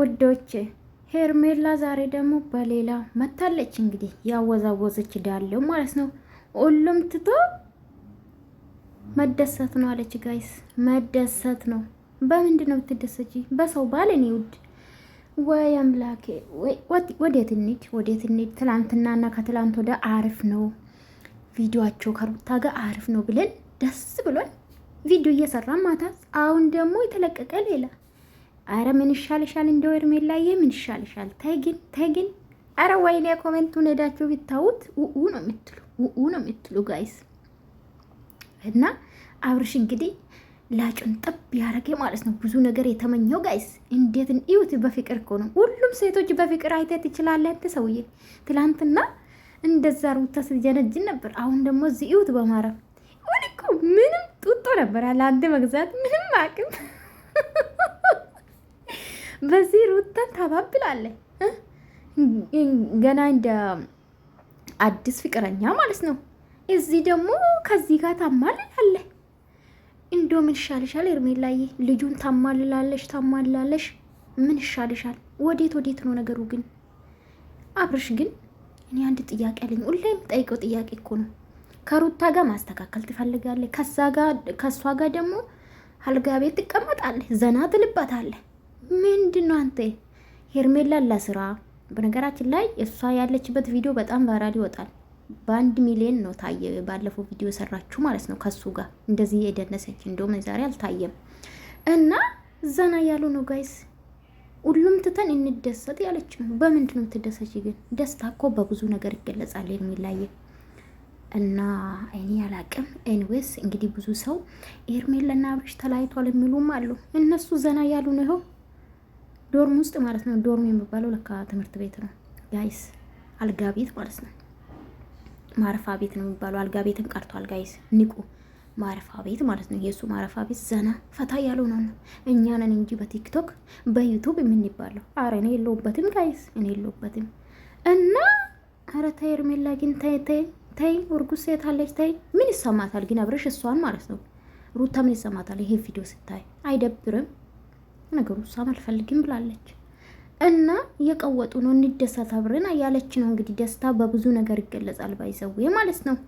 ውዶች ሄርሜላ ዛሬ ደግሞ በሌላ መታለች። እንግዲህ ያወዛወዘች ዳለው ማለት ነው። ሁሉም ትቶ መደሰት ነው አለች። ጋይስ መደሰት ነው። በምንድን ነው የምትደሰች? በሰው ባል እኔ ውድ ወይ አምላኬ፣ ወዴት እንሂድ፣ ወዴት እንሂድ። ትላንትናና ከትላንት ወደ አሪፍ ነው ቪዲዮቸው ከሩታ ጋር አሪፍ ነው ብለን ደስ ብሏል። ቪዲዮ እየሰራ ማታ፣ አሁን ደግሞ የተለቀቀ ሌላ አረ ምን ይሻልሻል? እንደው ሄርሜላዬ ምን ይሻልሻል? ተይ ግን ተይ ግን አረ ወይኔ ኮሜንቱን ሄዳችሁ ቢታዩት ውኡ ነው የምትሉ ኡኡ ነው የምትሉ ጋይስ። እና አብርሽ እንግዲህ ላጩን ጥብ ያረገ ማለት ነው። ብዙ ነገር የተመኘው ጋይስ እንዴት እዩት። በፍቅር እኮ ነው ሁሉም ሴቶች በፍቅር አይተ ትችላለህ። አንተ ሰውዬ ትላንትና እንደዛ ሩታ ስትጀነጅን ነበር። አሁን ደግሞ እዚህ እዩት በማረፍ ወልቁ ምንም ጡጦ ነበር አለ አንድ መግዛት ምንም አቅም በዚህ ሩታን ታባብላለች። ገና እንደ አዲስ ፍቅረኛ ማለት ነው። እዚህ ደግሞ ከዚህ ጋር ታማልላለች። እንዶ ምን ይሻልሻል ሄርሜላዬ? ልጁን ታማልላለሽ ታማልላለሽ። ምን ይሻልሻል? ወዴት ወዴት ነው ነገሩ? ግን አብርሽ ግን እኔ አንድ ጥያቄ አለኝ። ሁሌም ጠይቀው ጥያቄ እኮ ነው። ከሩታ ጋር ማስተካከል ትፈልጋለህ፣ ከሷ ጋር ደግሞ አልጋ ቤት ትቀመጣለህ፣ ዘና ትልባታለህ። ምንድን ነው አንተ ሄርሜላ ላስራ። በነገራችን ላይ እሷ ያለችበት ቪዲዮ በጣም ቫይራል ይወጣል። በአንድ ሚሊዮን ነው ታየ። ባለፈው ቪዲዮ ሰራችሁ ማለት ነው ከሱ ጋር እንደዚህ የደነሰች እንደውም ዛሬ አልታየም። እና ዘና ያሉ ነው ጋይስ። ሁሉም ትተን እንደሰት ያለች ነው። በምንድን ነው ትደሰች? ግን? ደስታ እኮ በብዙ ነገር ይገለጻል የሚላየ እና እኔ አላቅም። ኤንዌስ እንግዲህ ብዙ ሰው ሄርሜላና አብርሽ ተለያይቷል የሚሉም አሉ። እነሱ ዘና ያሉ ነው። ዶርም ውስጥ ማለት ነው። ዶርም የሚባለው ለካ ትምህርት ቤት ነው ጋይስ፣ አልጋ ቤት ማለት ነው። ማረፋ ቤት ነው የሚባለው። አልጋ ቤትም ቀርቷል ጋይስ፣ ንቁ። ማረፋ ቤት ማለት ነው። የእሱ ማረፋ ቤት ዘና ፈታ ያለው ነው። እኛንን እንጂ በቲክቶክ በዩቱብ የምንባለው። አረ እኔ የለውበትም ጋይስ፣ እኔ የለውበትም እና አረ ተይ ሄርሜላ ግን ተይ ተይ ተይ፣ እርጉዝ ሴት አለች ተይ። ምን ይሰማታል ግን አብረሽ እሷን ማለት ነው። ሩታ ምን ይሰማታል ይሄ ቪዲዮ ስታይ አይደብርም? ነገሩ እሷም አልፈልግም ብላለች እና የቀወጡ ነው እንደሰት አብረን ያለች ነው። እንግዲህ ደስታ በብዙ ነገር ይገለጻል፣ ባይዘዌ ማለት ነው።